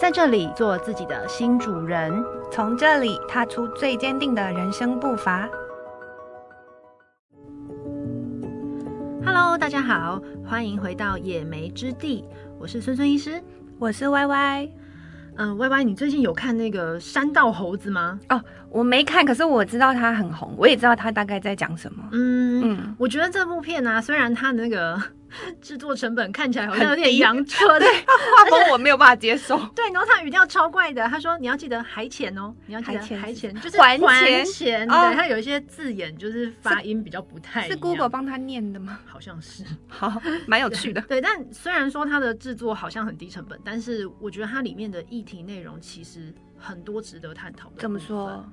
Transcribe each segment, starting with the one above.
在這裡做自己的新主人，從這裡踏出最堅定的人生步伐。Hello，大家好，歡迎回到野莓之地，我是孫孫醫師，我是 YY。嗯，YY，你最近有看那個《山道猴子》嗎？哦，我沒看，可是我知道它很紅，我也知道它大概在講什麼。嗯，嗯，我覺得這部片呢，啊，雖然它那個。製作成本看起來好像有點陽春的，對，畫風我沒有辦法接受。對，然後他語調超怪的，他說你要記得還錢哦，你要記得還錢，還錢，就是還錢錢。他有一些字眼就是發音比較不太是，是 Google 幫他念的嗎？好像是，好，蠻有趣的。對，對，但雖然說它的製作好像很低成本，但是我覺得它裡面的議題內容其實很多值得探討的。怎麼說？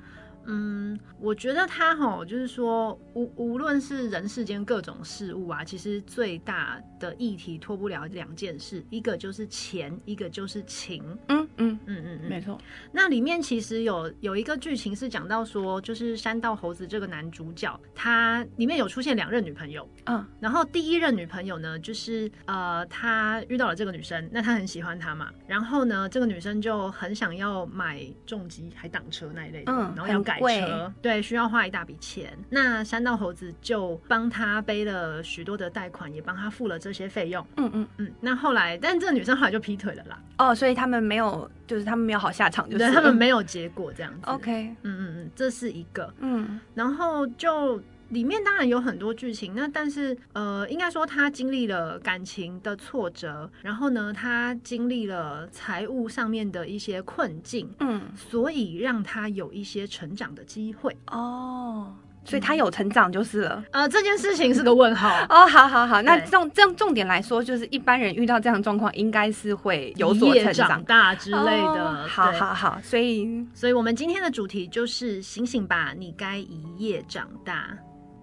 嗯，我覺得他吼，就是說無無論是人世間各種事物啊，其實最大的議題脫不了兩件事，一個就是錢，一個就是情。嗯嗯嗯嗯，沒錯。那裡面其實有有一個劇情是講到說，就是山道猴子這個男主角，他裡面有出現兩任女朋友。嗯，然後第一任女朋友呢，就是呃他遇到了這個女生，那他很喜歡她嘛，然後呢，這個女生就很想要買重機還檔車那一類的，嗯，然後要改。對，需要花一大筆錢，那山道猴子就幫他背了許多的貸款，也幫他付了這些費用。嗯嗯嗯。那後來，但這個女生後來就劈腿了啦。哦，所以他們沒有，就是他們沒有好下場，就是對他們沒有結果這樣子。嗯 OK，嗯嗯嗯，這是一個嗯，然後就。裡面當然有很多劇情，那但是呃，應該說他經歷了感情的挫折，然後呢，他經歷了財務上面的一些困境，嗯，所以讓他有一些成長的機會哦，嗯、所以他有成長就是了，呃，這件事情是個問號 哦，好好好，那重對這樣重點來說，就是一般人遇到這樣的狀況，應該是會有所成長，長大之類的，哦、對好好好，所以所以我們今天的主題就是醒醒吧，你該一夜長大。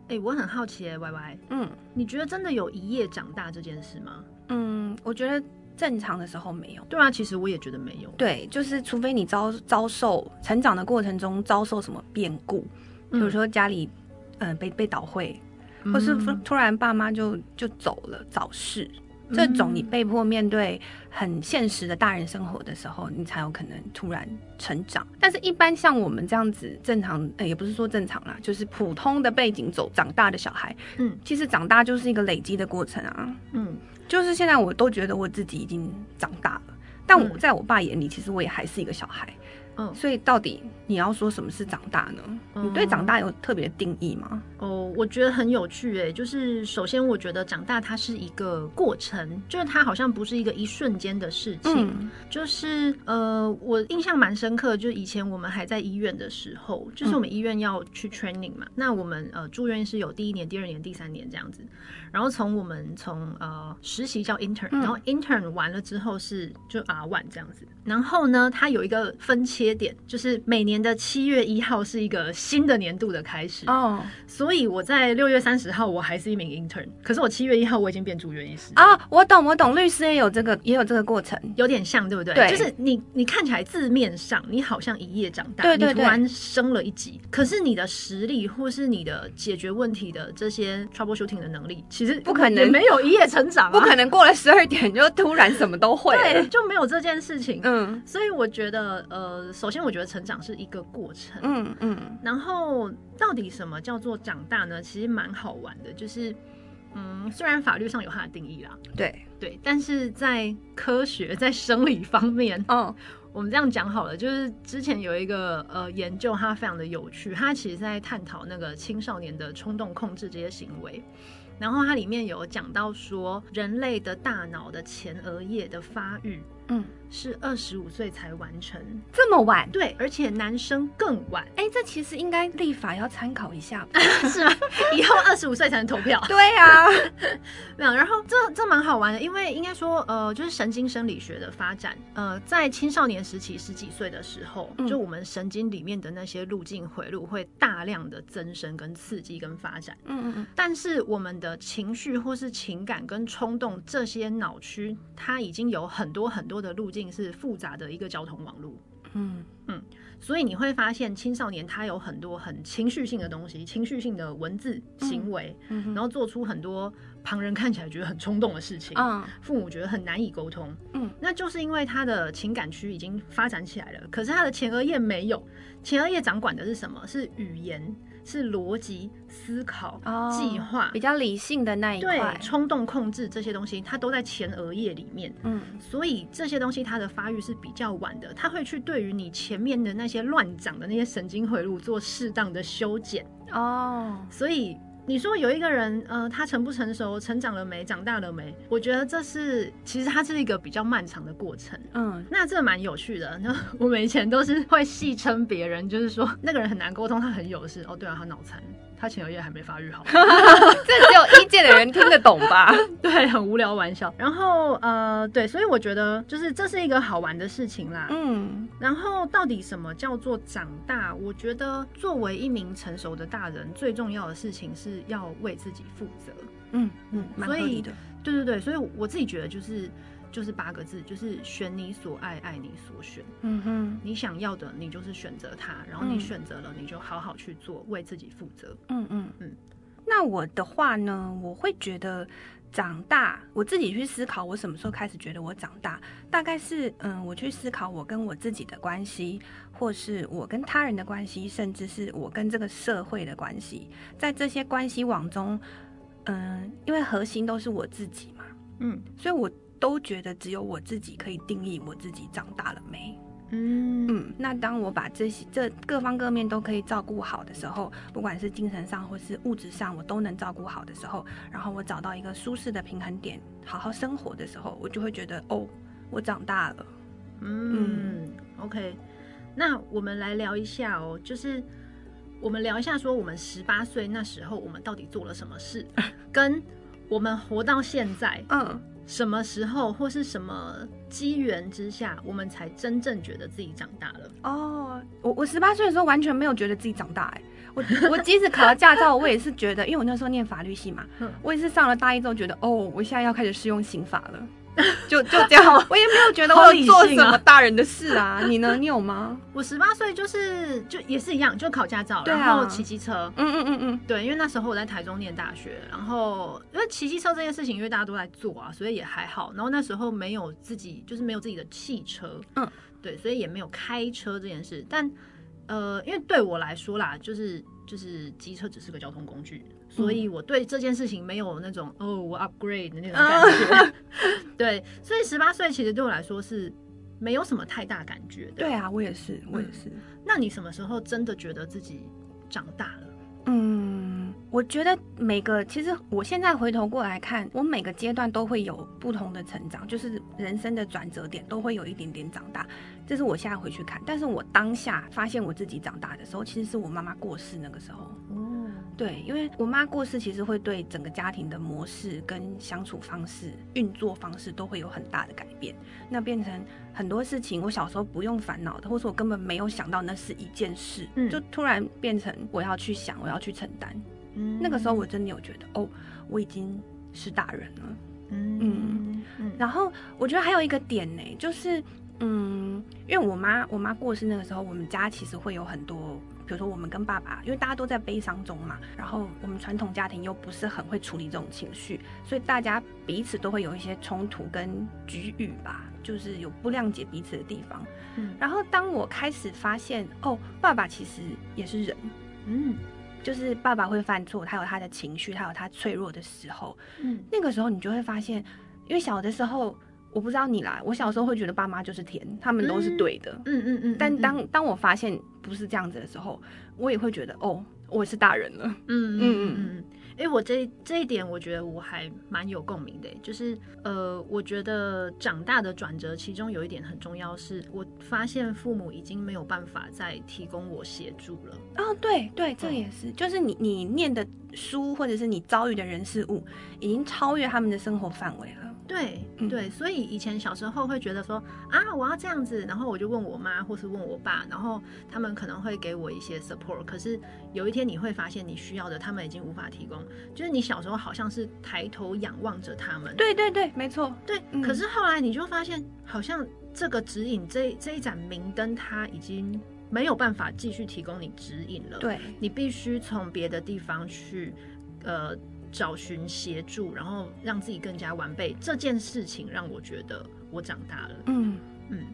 哎、欸，我很好奇欸，YY，嗯，你覺得真的有一夜長大這件事嗎？嗯，我覺得正常的時候沒有。對啊，其實我也覺得沒有。對，就是除非你遭遭受成長的過程中遭受什麼變故，嗯、比如說家裡嗯、呃、被被倒會，嗯、或是突然爸媽就就走了早逝。找事這種你被迫面對很現實的大人生活的時候，你才有可能突然成長。但是，一般像我們這樣子正常，欸，也不是說正常啦，就是普通的背景走長大的小孩，嗯，其實長大就是一個累積的過程啊，嗯，就是現在我都覺得我自己已經長大了，但我在我爸眼裡，其實我也還是一個小孩。嗯，哦，所以到底你要說什麼是長大呢？嗯，你對長大有特別定義嗎？哦，我覺得很有趣誒、欸，就是首先我覺得長大它是一個過程，就是它好像不是一個一瞬間的事情。嗯、就是呃，我印象蠻深刻，就是以前我們還在醫院的時候，就是我們醫院要去 training 嘛，嗯、那我們呃住院是有第一年、第二年、第三年這樣子，然後從我們從呃實習叫 intern，嗯、然後 intern 完了之後是就 R1 這樣子，然後呢，它有一個分期。節點，就是每年的七月一號是一個新的年度的開始哦，oh. 所以我在六月三十號我還是一名 intern，可是我七月一號我已經變住院醫師啊，oh, 我懂我懂，律師也有這個也有這個過程，有點像對不對？對，就是你你看起來字面上你好像一夜長大，對對對，你突然升了一級，可是你的實力或是你的解決問題的這些 troubleshooting 的能力，其實不可能沒有一夜成長、啊，不可,不可能過了十二點就突然什麼都會，對，就沒有這件事情，嗯，所以我覺得呃。首先，我覺得成長是一個過程。嗯嗯。嗯然後，到底什麼叫做長大呢？其實蠻好玩的，就是，嗯，雖然法律上有它的定義啦，對對，但是在科學、在生理方面，哦，我們這樣講好了，就是之前有一個呃研究，它非常的有趣，它其實在探討那個青少年的衝動控制這些行為，然後它裡面有講到說，人類的大腦的前額葉的發育，嗯。是二十五歲才完成，這麼晚？對，而且男生更晚。哎、欸，這其實應該立法要參考一下吧， 是嗎？以後二十五歲才能投票。對啊。 沒有。然後這這蠻好玩的，因為應該說，呃，就是神經生理學的發展，呃，在青少年時期十幾歲的時候，嗯、就我們神經裡面的那些路徑迴路會大量的增生、跟刺激、跟發展。嗯嗯嗯。但是我們的情緒或是情感跟衝動這些腦區，它已經有很多很多的路徑。是複雜的一個交通網路，嗯嗯，所以你會發現青少年他有很多很情緒性的東西，情緒性的文字行為，然後做出很多旁人看起來覺得很衝動的事情，父母覺得很難以溝通，嗯，那就是因為他的情感區已經發展起來了，可是他的前額葉沒有，前額葉掌管的是什麼？是語言。是邏輯思考、計劃、oh, 畫比較理性的那一塊，對，衝動控制這些東西，它都在前額葉裡面。嗯，所以這些東西它的發育是比較晚的，它會去對於你前面的那些亂長的那些神經迴路做適當的修剪。哦，oh. 所以。你說有一個人，呃，他成不成熟，成長了沒，長大了沒？我覺得這是其實他是一個比較漫長的過程。嗯，那這蠻有趣的。那我們以前都是會戲稱別人，就是說那個人很難溝通，他很有事。哦，對啊，他腦殘。他前額葉還沒發育好，這只有醫界的人聽得懂吧？對，很無聊玩笑。然後呃，對，所以我覺得就是這是一個好玩的事情啦。嗯，然後到底什麼叫做長大？我覺得作為一名成熟的大人，最重要的事情是要為自己負責。嗯嗯，蠻合理的，所以，對對對，所以我自己覺得就是。就是八個字，就是選你所愛，愛你所選。嗯哼、嗯，你想要的，你就是選擇它，然後你選擇了，嗯、你就好好去做，為自己負責。嗯嗯嗯。嗯，那我的話呢，我會覺得長大，我自己去思考，我什麼時候開始覺得我長大？大概是嗯，我去思考我跟我自己的關係，或是我跟他人的關係，甚至是我跟這個社會的關係，在這些關係網中，嗯，因為核心都是我自己嘛。嗯，所以我。都覺得只有我自己可以定義我自己長大了沒？嗯，嗯，那當我把這些這各方各面都可以照顧好的時候，不管是精神上或是物質上，我都能照顧好的時候，然後我找到一個舒適的平衡點，好好生活的時候，我就會覺得哦，我長大了。嗯，嗯，OK。那我們來聊一下哦，就是我們聊一下說，我們十八歲那時候我們到底做了什麼事， 跟我們活到現在，嗯。什麼時候或是什麼機緣之下，我們才真正覺得自己長大了？哦，我我十八歲的時候完全沒有覺得自己長大，欸，哎，我我即使考了駕照， 我也是覺得，因為我那時候念法律系嘛，我也是上了大一之後覺得，哦，我現在要開始適用刑法了。 就就這樣，我也沒有覺得我有做什麼大人的事啊。啊你呢？你有嗎？我十八歲就是就也是一樣，就考駕照，啊、然後騎機車。嗯嗯嗯嗯。對，因為那時候我在台中念大學，然後因為騎機車這件事情，因為大家都在做啊，所以也還好。然後那時候沒有自己，就是沒有自己的汽車。嗯，對，所以也沒有開車這件事。但呃，因為對我來說啦，就是就是機車只是個交通工具。所以，我對這件事情沒有那種哦，我 upgrade 的那種感覺。 對，所以十八歲其實對我來說是沒有什麼太大感覺的。對啊，我也是，嗯、我也是。那你什麼時候真的覺得自己長大了？嗯，我覺得每個其實我現在回頭過來看，我每個階段都會有不同的成長，就是人生的轉折點都會有一點點長大。這是我現在回去看，但是我當下發現我自己長大的時候，其實是我媽媽過世那個時候。對，因為我媽過世，其實會對整個家庭的模式、跟相處方式、運作方式都會有很大的改變。那變成很多事情，我小時候不用煩惱的，或是我根本沒有想到那是一件事，嗯、就突然變成我要去想，我要去承擔。嗯、那個時候我真的有覺得，哦，我已經是大人了。嗯嗯。嗯然後我覺得還有一個點呢、欸，就是，嗯，因為我媽我媽過世那個時候，我們家其實會有很多。比如說，我們跟爸爸，因為大家都在悲傷中嘛，然後我們傳統家庭又不是很會處理這種情緒，所以大家彼此都會有一些衝突跟齟齬吧，就是有不諒解彼此的地方。嗯，然後當我開始發現，哦，爸爸其實也是人，嗯，就是爸爸會犯錯，他有他的情緒，他有他脆弱的時候，嗯，那個時候你就會發現，因為小的時候。我不知道你來，我小時候會覺得爸媽就是甜，他們都是對的，嗯嗯嗯。嗯嗯嗯，但當當我發現不是這樣子的時候，我也會覺得，哦，我是大人了，嗯嗯嗯嗯。哎，我這這一點，我覺得我還蠻有共鳴的，就是呃，我覺得長大的轉折，其中有一點很重要是，是我發現父母已經沒有辦法再提供我協助了。哦，對對，這也是，就是你你念的書或者是你遭遇的人事物，已經超越他們的生活範圍了。對對，所以以前小時候會覺得說啊，我要這樣子，然後我就問我媽或是問我爸，然後他們可能會給我一些 support。可是有一天你會發現，你需要的他們已經無法提供。就是你小時候好像是抬頭仰望着他們，對對對，沒錯，對。可是後來你就發現，好像這個指引，這這一盞明燈，它已經沒有辦法繼續提供你指引了。對，你必須從別的地方去，呃。找尋協助，然後讓自己更加完備，這件事情讓我覺得我長大了。嗯嗯，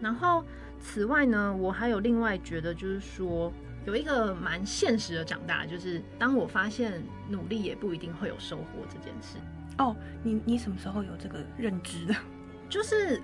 然後此外呢，我還有另外覺得就是說，有一個蠻現實的長大的，就是當我發現努力也不一定會有收穫這件事。哦，你你什麼時候有這個認知的？就是，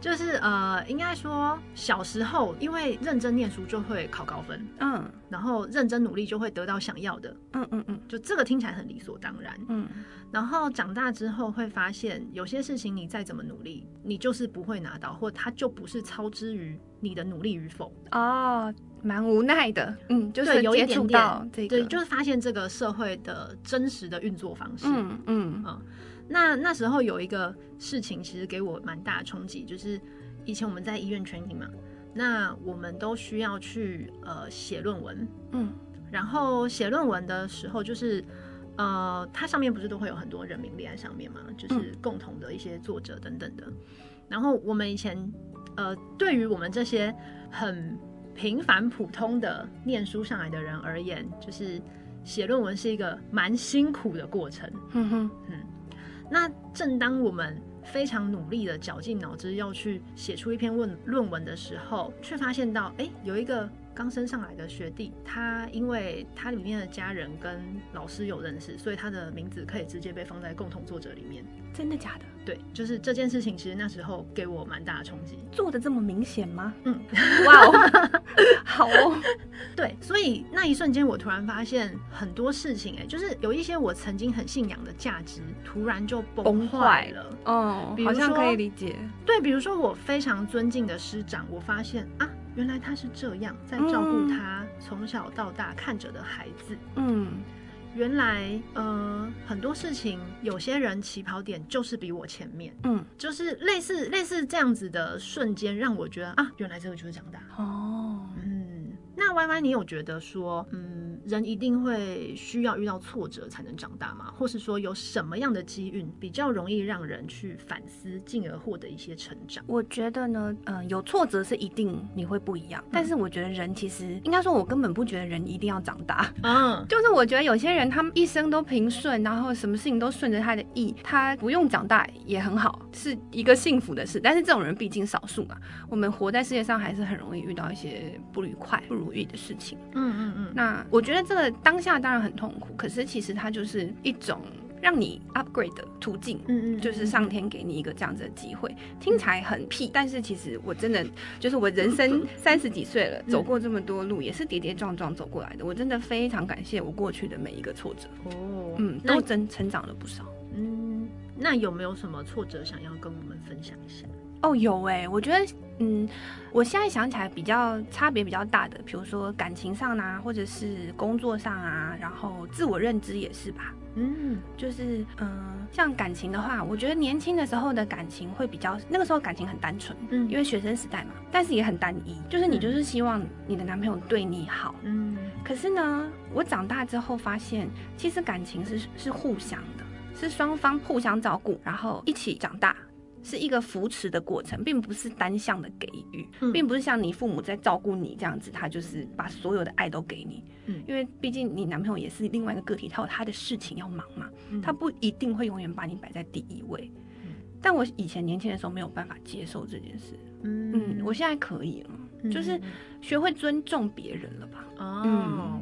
就是呃，應該說小時候因為認真念書就會考高分，嗯，然後認真努力就會得到想要的，嗯嗯嗯，嗯嗯就這個聽起來很理所當然，嗯，然後長大之後會發現有些事情你再怎麼努力，你就是不會拿到，或它就不是操之於你的努力與否，哦，蠻無奈的，嗯，就是接觸到、這個、有一點點，這對，就是發現這個社會的真實的運作方式，嗯嗯,嗯那那時候有一個事情，其實給我蠻大的衝擊，就是以前我們在醫院 training 嘛，那我們都需要去呃寫論文，嗯，然後寫論文的時候，就是呃它上面不是都會有很多人名列在上面嘛，就是共同的一些作者等等的，嗯、然後我們以前呃對於我們這些很平凡普通的念書上來的人而言，就是寫論文是一個蠻辛苦的過程，嗯哼嗯。那正當我們非常努力的絞盡腦汁要去寫出一篇論論文的時候，卻發現到，哎、欸，有一個。剛升上來的學弟，他因為他裡面的家人跟老師有認識，所以他的名字可以直接被放在共同作者裡面。真的假的？對，就是這件事情，其實那時候給我蠻大的衝擊。做的這麼明顯嗎？嗯，哇 Wow 哦，好哦。對，所以那一瞬間，我突然發現很多事情、欸，哎，就是有一些我曾經很信仰的價值，突然就崩壞了。哦、嗯，好像可以理解。對，比如說我非常尊敬的師長，我發現啊。原來他是這樣在照顧他從小到大看着的孩子。嗯，原來呃很多事情，有些人起跑點就是比我前面。嗯，就是類似類似這樣子的瞬間，讓我覺得啊，原來這個就是長大。哦，嗯，那 YY 你有覺得說嗯？人一定會需要遇到挫折才能長大嗎？或是說有什麼樣的機遇比較容易讓人去反思，進而獲得一些成長？我覺得呢，嗯，有挫折是一定你會不一樣。嗯。但是我覺得人其實應該說，我根本不覺得人一定要長大。嗯，就是我覺得有些人他們一生都平順，然後什麼事情都順着他的意，他不用長大也很好，是一個幸福的事。但是這種人畢竟少數嘛，我們活在世界上還是很容易遇到一些不愉快、不如意的事情。嗯嗯嗯，那我覺得。那這個當下當然很痛苦，可是其實它就是一種讓你 upgrade 的途徑。嗯，嗯嗯，就是上天給你一個這樣子的機會。嗯、聽起來很屁，但是其實我真的就是我人生三十幾歲了，嗯、走過這麼多路，也是跌跌撞撞走過來的。我真的非常感謝我過去的每一個挫折。哦，嗯，都真成長了不少。那，嗯，那有沒有什麼挫折想要跟我們分享一下？哦，有哎，我覺得，嗯，我現在想起來比較差別比較大的，比如說感情上啊，或者是工作上啊，然後自我認知也是吧，嗯，就是，嗯、呃，像感情的話，我覺得年輕的時候的感情會比較，那個時候感情很單純，嗯，因為學生時代嘛，但是也很單一，就是你就是希望你的男朋友對你好，嗯，可是呢，我長大之後發現，其實感情是是互相的，是雙方互相照顧，然後一起長大。是一個扶持的過程，並不是單向的給予，嗯、並不是像你父母在照顧你這樣子，他就是把所有的愛都給你。嗯、因為畢竟你男朋友也是另外一個個體，他有他的事情要忙嘛，嗯、他不一定會永遠把你擺在第一位。嗯、但我以前年輕的時候沒有辦法接受這件事。嗯，嗯，我現在可以了，嗯、就是學會尊重別人了吧？哦、嗯。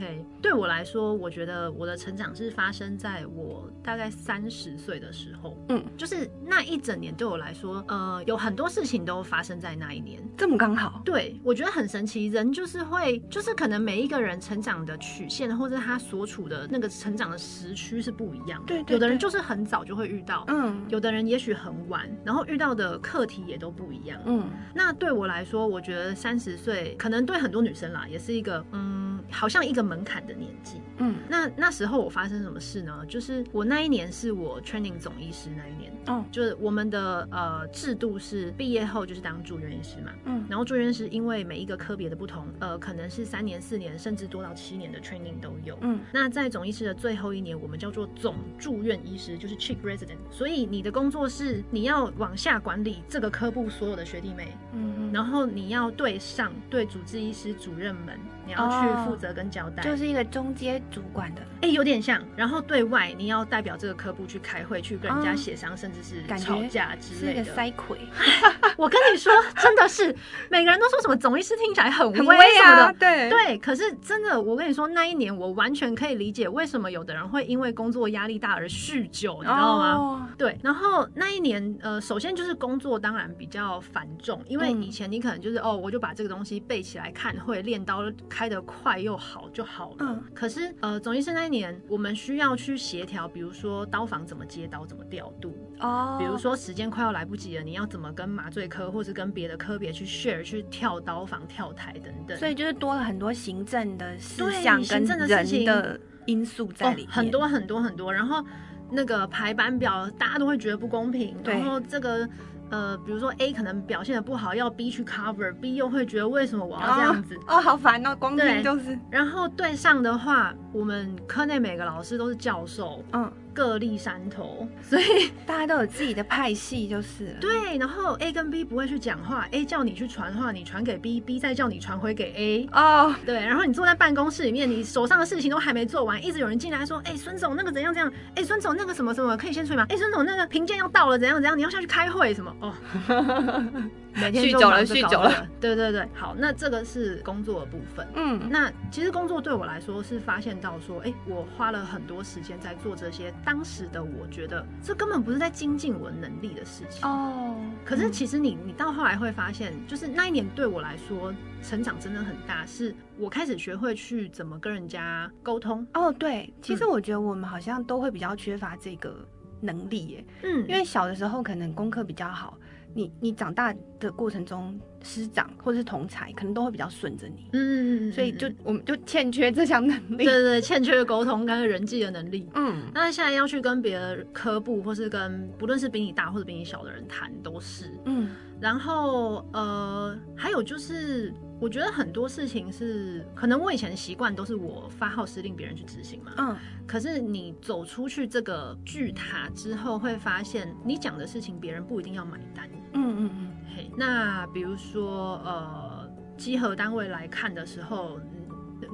對，對我來說，我覺得我的成長是發生在我大概三十歲的時候，嗯，就是那一整年對我來說，呃，有很多事情都發生在那一年，這麼剛好，對，我覺得很神奇，人就是會，就是可能每一個人成長的曲線或者他所處的那個成長的時區是不一樣的，對，對，對，有的人就是很早就會遇到，嗯，有的人也許很晚，然後遇到的課題也都不一樣，嗯，那對我來說，我覺得三十歲可能對很多女生啦，也是一個，嗯。好像一個門檻的年紀，嗯，那那時候我發生什麼事呢？就是我那一年是我 training 總醫師那一年，哦，就是我們的呃制度是畢業後就是當住院醫師嘛，嗯，然後住院醫師因為每一個科別的不同，呃，可能是三年、四年，甚至多到七年的 training 都有，嗯，那在總醫師的最後一年，我們叫做總住院醫師，就是 chief resident，所以你的工作是你要往下管理這個科部所有的學弟妹，嗯，然後你要對上對主治醫師、主任們。你要去負責跟交代，哦，就是一個中階主管的，哎、欸，有點像。然後對外你要代表這個科部去開會，去跟人家協商，嗯，甚至是吵架之類的。個 我跟你說，真的是每個人都說什麼總醫師聽起來很威啊，對對。可是真的，我跟你說，那一年我完全可以理解為什麼有的人會因為工作壓力大而酗酒。哦，你知道嗎？對。然後那一年，呃，首先就是工作當然比較繁重，因為以前你可能就是對哦，我就把這個東西背起來看會練刀。開的快又好就好了。嗯。可是，呃，總醫師那一年，我們需要去協調，比如說刀房怎麼接刀，怎麼調度。哦。比如說時間快要來不及了，你要怎麼跟麻醉科或者跟別的科別去 share，去跳刀房、跳台等等。所以就是多了很多行政的事項跟人的因素在裡面，哦，很多很多很多。然後那個排班表大家都會覺得不公平。對然後這個。呃，比如說 A 可能表現得不好，要 B 去 cover，B 又會覺得為什麼我要這樣子？哦，哦，好煩哦，光明就是。然後對上的話，我們科內每個老師都是教授，嗯。各立山頭，所以 大家都有自己的派系，就是 對。然後 A 跟 B 不會去講話，A 叫你去傳話，你傳給 B，B 再叫你傳回給 A。哦，對。然後你坐在辦公室裡面，你手上的事情都還沒做完，一直有人進來說：“哎、欸，孫總，那個怎樣怎樣？”“哎、欸，孫總，那個什麼什麼可以先睡嗎？”“哎、欸，孫總，那個評鑑要到了，怎樣怎樣？你要下去開會什麼？”哦、喔， 每天酗酒 了，酗酒了。對對對，好，那這個是工作的部分。嗯，那其實工作對我來說是發現到說，哎、欸，我花了很多時間在做這些。當時的我覺得這根本不是在精進我能力的事情哦。Oh, 可是其實你、嗯、你到後來會發現，就是那一年對我來說、嗯、成長真的很大，是我開始學會去怎麼跟人家溝通哦。Oh, 對，其實我覺得我們好像都會比較缺乏這個能力耶。嗯，因為小的時候可能功課比較好，你你長大的過程中。師長或者是同儕，可能都會比較順着你，嗯，所以就、嗯、我們就欠缺這項能力，對對對，欠缺溝通跟人際的能力，嗯，那現在要去跟別的科部，或是跟不論是比你大或者比你小的人談，都是，嗯，然後呃，還有就是，我覺得很多事情是，可能我以前的習慣都是我發號施令，別人去執行嘛，嗯，可是你走出去這個巨塔之後，會發現你講的事情，別人不一定要買單，嗯嗯嗯。嗯嗯那比如說，呃，集合單位來看的時候，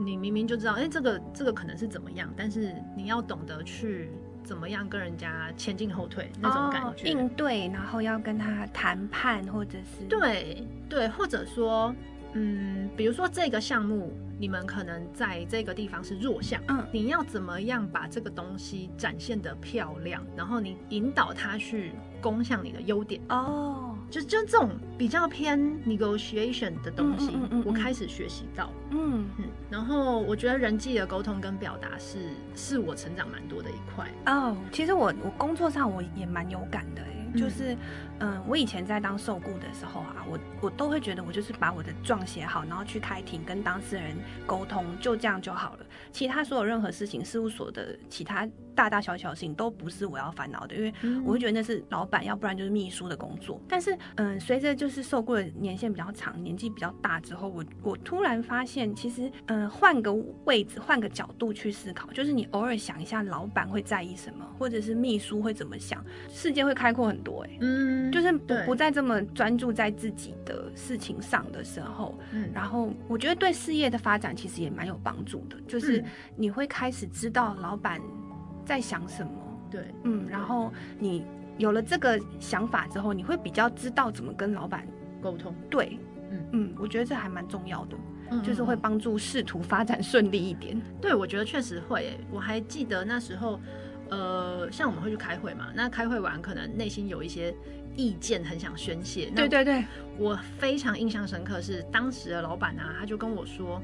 你明明就知道，哎，這個這個可能是怎麼樣，但是你要懂得去怎麼樣跟人家前進後退、哦、那種感覺，應對，然後要跟他談判，或者是對對，或者說，嗯，比如說這個項目，你們可能在這個地方是弱項，嗯，你要怎麼樣把這個東西展現得漂亮，然後你引導他去攻向你的優點哦。就就這種比較偏 negotiation 的東西，嗯嗯嗯嗯、我開始學習到，嗯嗯，然後我覺得人際的溝通跟表達是是我成長蠻多的一塊哦。Oh, 其實我我工作上我也蠻有感的誒、欸。就是，嗯，我以前在當受僱的時候啊，我我都會覺得我就是把我的狀寫好，然後去開庭跟當事人溝通，就這樣就好了。其他所有任何事情，事務所的其他大大小小的事情都不是我要煩惱的，因為我會覺得那是老闆，要不然就是秘書的工作。嗯嗯，但是，嗯，隨着就是受僱的年限比較長，年紀比較大之後，我我突然發現，其實，嗯、呃，換個位置，換個角度去思考，就是你偶爾想一下老闆會在意什麼，或者是秘書會怎麼想，世界會開闊很多。對，嗯，就是不不再這麼專注在自己的事情上的時候，嗯，然後我覺得對事業的發展其實也蠻有幫助的，就是你會開始知道老板在想什麼，嗯，對，嗯，然後你有了這個想法之後，你會比較知道怎麼跟老板溝通，對，嗯嗯，我覺得這還蠻重要的，嗯，就是會幫助仕途發展順利一點，對，我覺得確實會欸，我還記得那時候。呃，像我們會去開會嘛？那開會完可能內心有一些意見，很想宣泄。對對對，我非常印象深刻，是當時的老板啊，他就跟我說：“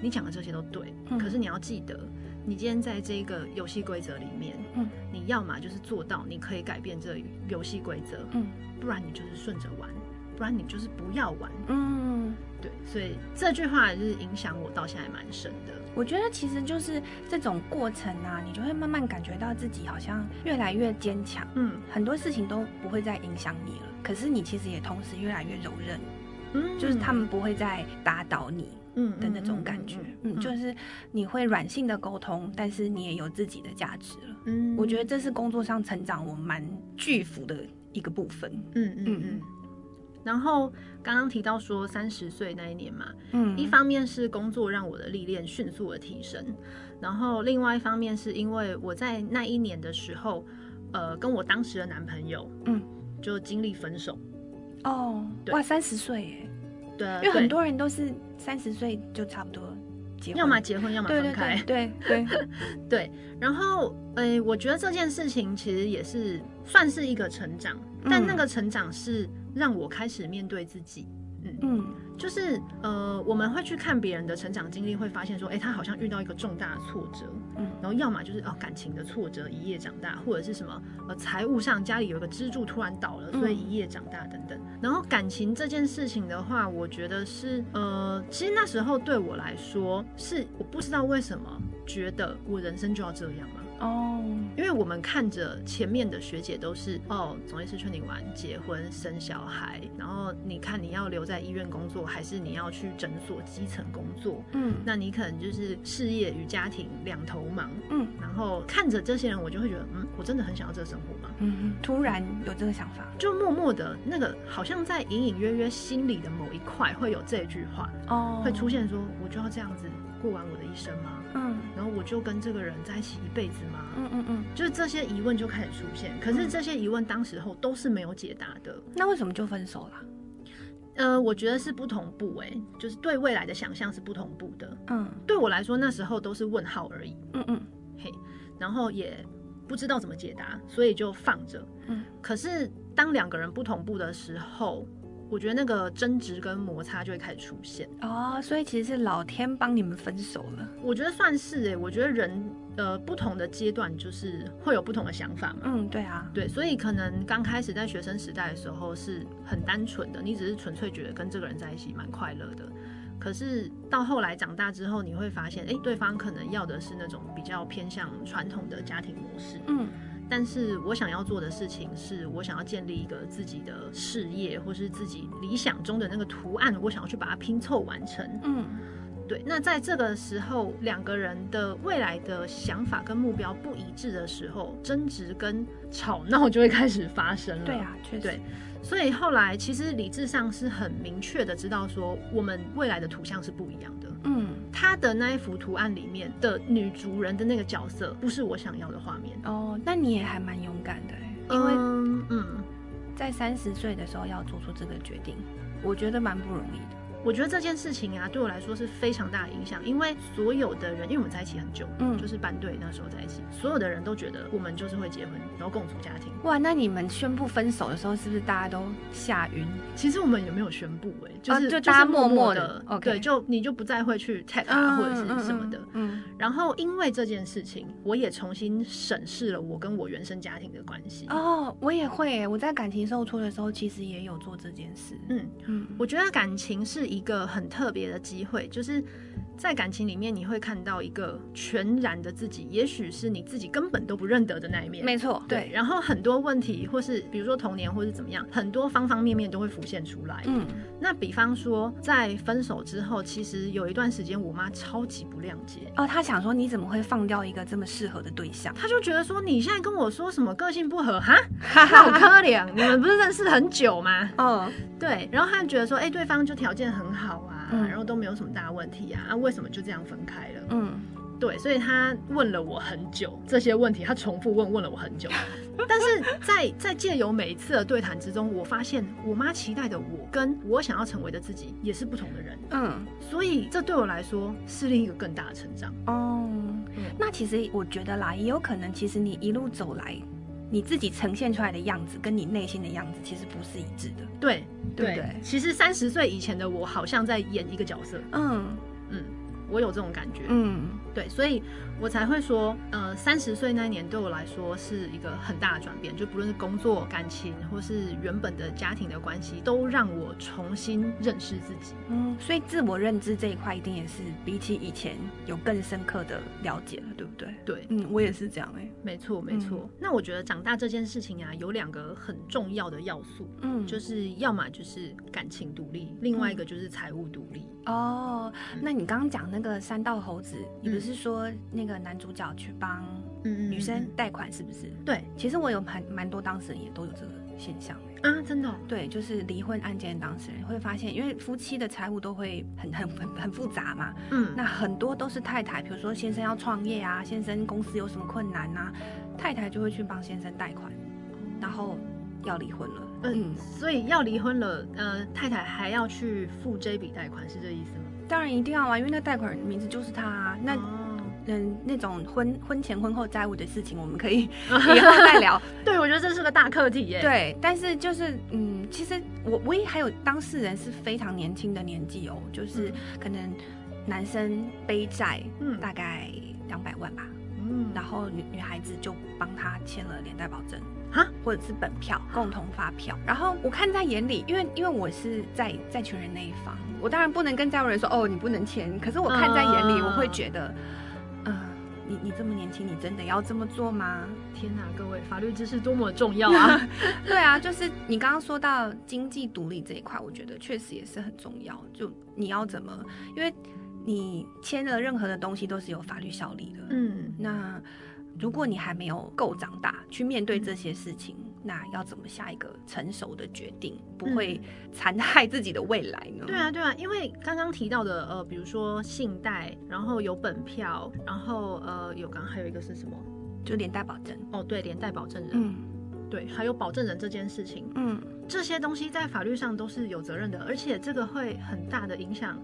你講的這些都對，嗯、可是你要記得，你今天在這個遊戲規則裡面，嗯、你要麼就是做到，你可以改變這遊戲規則，嗯、不然你就是順着玩，不然你就是不要玩，嗯。”對，所以這句話也是影響我到現在蠻深的。我覺得其實就是這種過程啊，你就會慢慢感覺到自己好像越來越堅強。嗯，很多事情都不會再影響你了。可是你其實也同時越來越柔韌。嗯，就是他們不會再打倒你。嗯。的那種感覺，嗯，嗯，嗯，嗯，嗯，就是你會軟性的溝通，但是你也有自己的價值了。嗯，我覺得這是工作上成長我蠻巨幅的一個部分。嗯嗯嗯。嗯嗯然後剛剛提到說三十歲那一年嘛，嗯，一方面是工作讓我的歷練迅速的提升，然後另外一方面是因為我在那一年的時候，呃，跟我當時的男朋友，嗯，就經歷分手。哦，對哇，三十歲耶！對啊，因為很多人都是三十歲就差不多結婚，對要麼結婚，要麼分開，對對對對，對， 對。然後，哎，我覺得這件事情其實也是算是一個成長，嗯、但那個成長是。讓我開始面對自己，嗯嗯，就是呃，我們會去看別人的成長經歷，會發現說，哎、欸，他好像遇到一個重大的挫折，嗯，然後要麼就是哦感情的挫折一夜長大，或者是什麼呃財務上家裡有一個支柱突然倒了，所以一夜長大等等。嗯、然後感情這件事情的話，我覺得是呃，其實那時候對我來說是我不知道為什麼覺得我人生就要這樣啊？哦，oh. 因為我們看着前面的學姐都是哦，總也是勸你完結婚生小孩，然後你看你要留在醫院工作，還是你要去診所基層工作？嗯，那你可能就是事業與家庭兩頭忙。嗯，然後看着這些人，我就會覺得，嗯，我真的很想要這個生活嗎？嗯，突然有這個想法，就默默的那個，好像在隱隱約約心裡的某一塊會有這句話哦，oh. 會出現說，我就要這樣子過完我的一生嗎？嗯，然後我就跟這個人在一起一輩子嘛、嗯。嗯嗯嗯，就是這些疑問就開始出現，可是這些疑問當時候都是沒有解答的。嗯、那為什麼就分手了、啊？呃，我覺得是不同步、欸，誒，就是對未來的想象是不同步的。嗯，對我來說那時候都是問號而已。嗯嗯，嘿、嗯，hey, 然後也不知道怎麼解答，所以就放着。嗯，可是當兩個人不同步的時候。我覺得那個爭執跟摩擦就會開始出現啊，oh, 所以其實是老天幫你們分手了。我覺得算是誒、欸，我覺得人呃不同的階段就是會有不同的想法嘛。嗯，對啊，對，所以可能剛開始在學生時代的時候是很單純的，你只是純粹覺得跟這個人在一起蠻快樂的。可是到後來長大之後，你會發現，哎、欸，對方可能要的是那種比較偏向傳統的家庭模式。嗯。但是我想要做的事情，是我想要建立一個自己的事業，或是自己理想中的那個圖案，我想要去把它拼湊完成。嗯，對。那在這個時候，兩個人的未來的想法跟目標不一致的時候，爭執跟吵鬧就會開始發生了。對啊，確實。對，所以後來其實理智上是很明確的，知道說我們未來的圖像是不一樣的。嗯，他的那一幅圖案裡面的女主人的那個角色，不是我想要的畫面。哦，那你也還蠻勇敢的，因為嗯，在三十歲的時候要做出這個決定，我覺得蠻不容易的。我覺得這件事情啊，對我來說是非常大的影響，因為所有的人，因為我們在一起很久，嗯，就是班對那時候在一起，所有的人都覺得我們就是會結婚，然後共組家庭。哇，那你們宣布分手的時候，是不是大家都嚇暈？其實我們也沒有宣布、欸，哎，就是、啊、就大家默默的，對，就你就不再會去 check 啊、嗯、或者是什麼的。嗯。嗯嗯然後因為這件事情，我也重新審視了我跟我原生家庭的關係。哦，我也會、欸，我在感情受挫的時候，其實也有做這件事。嗯嗯，嗯我覺得感情是。一個很特別的機會，就是在感情裡面，你會看到一個全然的自己，也許是你自己根本都不認得的那一面。沒錯錯，對。然後很多問題，或是比如說童年，或是怎麼樣，很多方方面面都會浮現出來。嗯，那比方說在分手之後，其實有一段時間，我媽超級不諒解。哦，她想說你怎麼會放掉一個這麼適合的對象？她就覺得說你現在跟我說什麼個性不合，哈，好 可憐。你 們不是認識很久嗎？哦，對。然後她就覺得說，哎、欸，對方就條件很。很好啊，嗯、然後都沒有什麼大問題啊，那、啊、為什麼就這樣分開了？嗯，對，所以他問了我很久這些問題，他重複問，問了我很久。 但是在在借由每一次的對談之中，我發現我媽期待的我跟我想要成為的自己也是不同的人。嗯，所以這對我來說是另一個更大的成長。哦、嗯，那其實我覺得啦，也有可能，其實你一路走來。你自己呈現出來的樣子跟你內心的樣子其實不是一致的，對對對，對。其實三十歲以前的我好像在演一個角色，嗯。我有這種感覺，嗯，對，所以我才會說，呃，三十歲那一年對我來說是一個很大的轉變，就不論是工作、感情，或是原本的家庭的關係，都讓我重新認識自己，嗯，所以自我認知這一塊一定也是比起以前有更深刻的了解了，對不對？對，嗯，我也是這樣、欸，哎、嗯，沒錯，沒錯。嗯、那我覺得長大這件事情啊，有兩個很重要的要素，嗯，就是要麼就是感情獨立，另外一個就是財務獨立。嗯、哦，那你剛剛講的。那個山道猴子，你不是說那個男主角去幫女生貸款是不是？嗯、對，其實我有很蠻多當事人也都有這個現象啊、嗯，真的、哦。對，就是離婚案件的當事人會發現，因為夫妻的財務都會很很很很複雜嘛，嗯，那很多都是太太，比如說先生要創業啊，先生公司有什麼困難啊，太太就會去幫先生貸款，然後要離婚了，嗯，嗯，所以要離婚了，呃，太太還要去付這筆貸款是這意思嗎？當然一定要啊，因為那貸款人名字就是他啊。那，嗯、oh.，那種婚婚前婚後債務的事情，我們可以以後再聊。 對，我覺得這是個大課題耶。對，但是就是，嗯，其實我唯一還有當事人是非常年輕的年紀哦，就是可能男生背債，嗯，大概兩百萬吧。嗯、然後女女孩子就幫他簽了連帶保證哈或者是本票共同發票。哈然後我看在眼裡，因為因為我是在債權人那一方，我當然不能跟債務人說哦，你不能簽。可是我看在眼裡，我會覺得，啊呃、你你這麼年輕，你真的要這麼做嗎？天哪，各位，法律知識多麼重要啊！ 對啊，就是你剛剛說到經濟獨立這一塊，我覺得確實也是很重要。就你要怎麼，因為。你簽了任何的東西都是有法律效力的。嗯，那如果你還沒有夠長大去面對這些事情，嗯、那要怎麼下一個成熟的決定，嗯、不會殘害自己的未來呢？對啊，對啊，因為剛剛提到的，呃，比如說信貸，然後有本票，然後呃，有剛剛還有一個是什麼？就連帶保證。哦，對，連帶保證人。嗯、對，還有保證人這件事情，嗯，這些東西在法律上都是有責任的，而且這個會很大的影響。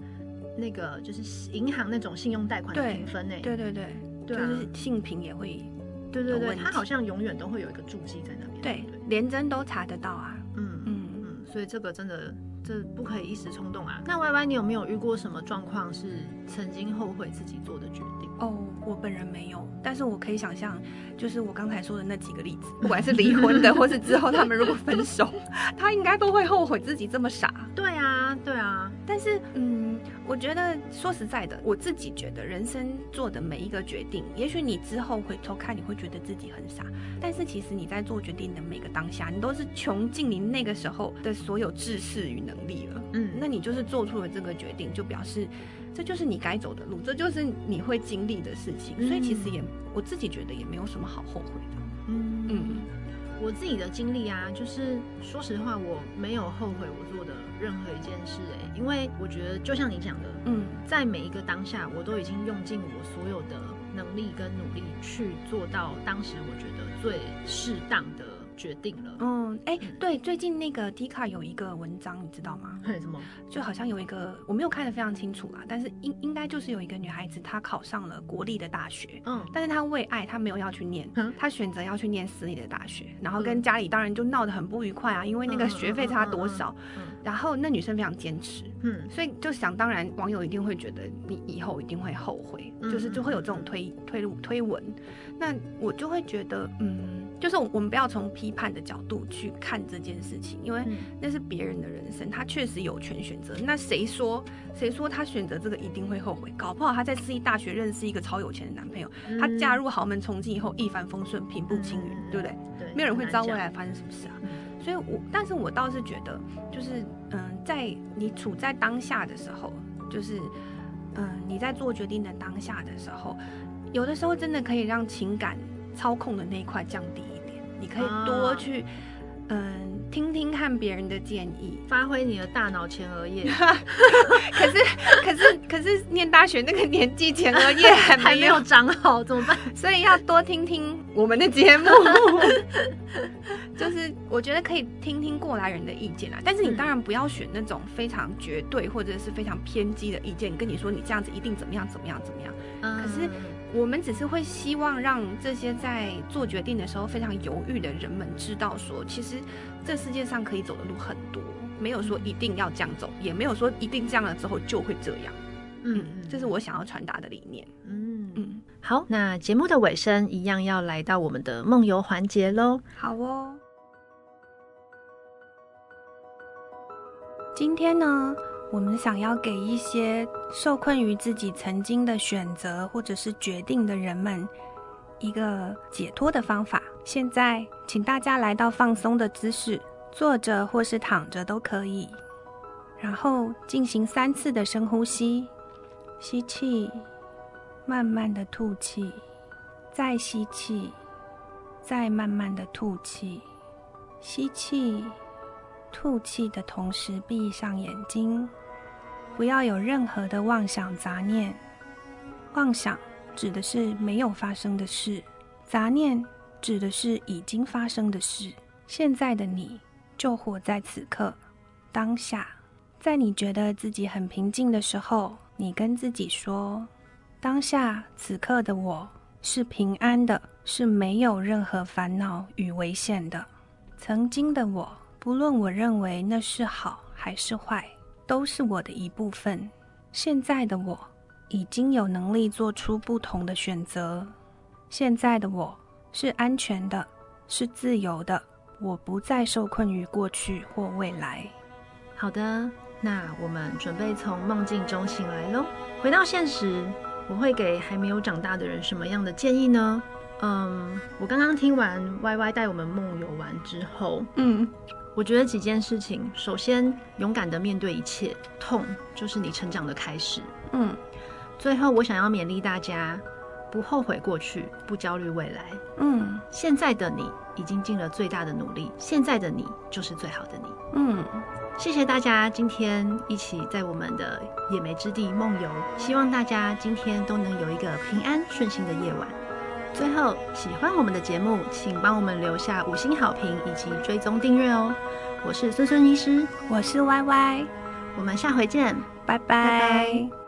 那個就是銀行那種信用貸款的評分誒，對，對對對，對啊，就是信評也會，對對對，他好像永遠都會有一個注記在那邊。對，對對，連徵信都查得到啊。嗯嗯嗯，嗯，所以這個真的這不可以一時衝動啊。那 YY，你有沒有遇過什麼狀況是曾經後悔自己做的決定？哦，我本人沒有，但是我可以想象，就是我剛才說的那幾個例子，不管是離婚的， 或是之後他們如果分手，他應該都會後悔自己這麼傻。對啊，對啊，但是嗯。我覺得說實在的，我自己覺得人生做的每一個決定，也許你之後回頭看，你會覺得自己很傻。但是其實你在做決定的每個當下，你都是窮盡你那個時候的所有知識與能力了。嗯，那你就是做出了這個決定，就表示這就是你該走的路，這就是你會經歷的事情。所以其實也我自己覺得也沒有什麼好後悔的。嗯嗯。我自己的經歷啊，就是說實話，我沒有後悔我做的任何一件事，欸，哎，因為我覺得就像你講的，嗯，在每一個當下，我都已經用盡我所有的能力跟努力去做到當時我覺得最適當的。決定了，嗯，哎、欸，對，最近那個 D 卡有一個文章，你知道嗎？什麼？就好像有一個，我沒有看得非常清楚啦，但是應應該就是有一個女孩子，她考上了國立的大學，嗯，但是她為愛，她沒有要去念，嗯、她選擇要去念私立的大學，然後跟家裡、嗯、當然就鬧得很不愉快啊，因為那個學費差多少？嗯嗯嗯嗯嗯然後那女生非常堅持，嗯，所以就想當然，網友一定會覺得你以後一定會後悔，嗯、就是就會有這種推推推文。那我就會覺得，嗯，就是我們不要從批判的角度去看這件事情，因為那是別人的人生，他確實有權選擇。那誰說誰說他選擇這個一定會後悔？搞不好他在私立大學認識一個超有錢的男朋友，他嫁入豪門，從今以後一帆風順，平步青雲，嗯、對不對？對，沒有人會知道未來發生什麼事啊。所以我，我但是我倒是覺得，就是嗯，在你處在當下的時候，就是嗯，你在做決定的當下的時候，有的時候真的可以讓情感操控的那一塊降低一點，你可以多去嗯。看別人的建議，發揮你的大腦前額葉。 可是，可是，可是，念大學那個年紀，前額葉還沒有長好，怎麼辦？所以要多聽聽我們的節目。 就是我覺得可以聽聽過來人的意見啦，嗯、但是你當然不要選那種非常絕對或者是非常偏激的意見，你跟你說你這樣子一定怎麼樣，怎麼樣，怎麼樣。可是。我們只是會希望讓這些在做決定的時候非常猶豫的人們知道，說其實這世界上可以走的路很多，沒有說一定要這樣走，也沒有說一定這樣了之後就會這樣。嗯，嗯，這是我想要傳達的理念。嗯嗯，好，那節目的尾聲一樣要來到我們的夢遊環節嘍。好哦，今天呢？我們想要給一些受困於自己曾經的選擇或者是決定的人們一個解脫的方法。現在，請大家來到放鬆的姿勢，坐着或是躺着都可以。然後進行三次的深呼吸：吸氣，慢慢的吐氣，再吸氣，再慢慢的吐氣。吸氣、吐氣的同時，閉上眼睛。不要有任何的妄想雜念。妄想指的是沒有發生的事，雜念指的是已經發生的事。現在的你就活在此刻，當下。在你覺得自己很平靜的時候，你跟自己說：當下此刻的我是平安的，是沒有任何煩惱與危險的。曾經的我，不論我認為那是好還是壞。都是我的一部分。現在的我已經有能力做出不同的選擇。現在的我是安全的，是自由的。我不再受困於過去或未來。好的，那我們準備從夢境中醒來嘍，回到現實。我會給還沒有長大的人什麼樣的建議呢？嗯，我剛剛聽完 YY 帶我們夢遊完之後，嗯。我覺得幾件事情，首先勇敢的面對一切，痛就是你成長的開始。嗯，最後我想要勉勵大家，不後悔過去，不焦慮未來。嗯，現在的你已經盡了最大的努力，現在的你就是最好的你。嗯，謝謝大家今天一起在我們的野莓之地夢遊，希望大家今天都能有一個平安順心的夜晚。最後，喜歡我們的節目，請幫我們留下五星好評以及追蹤訂閱哦。我是孫孫醫師，我是 YY，我們下回見，拜拜 bye。Bye bye